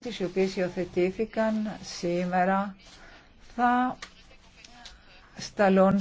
τις οποίες υιοθετήθηκαν σήμερα θα σταλώνουν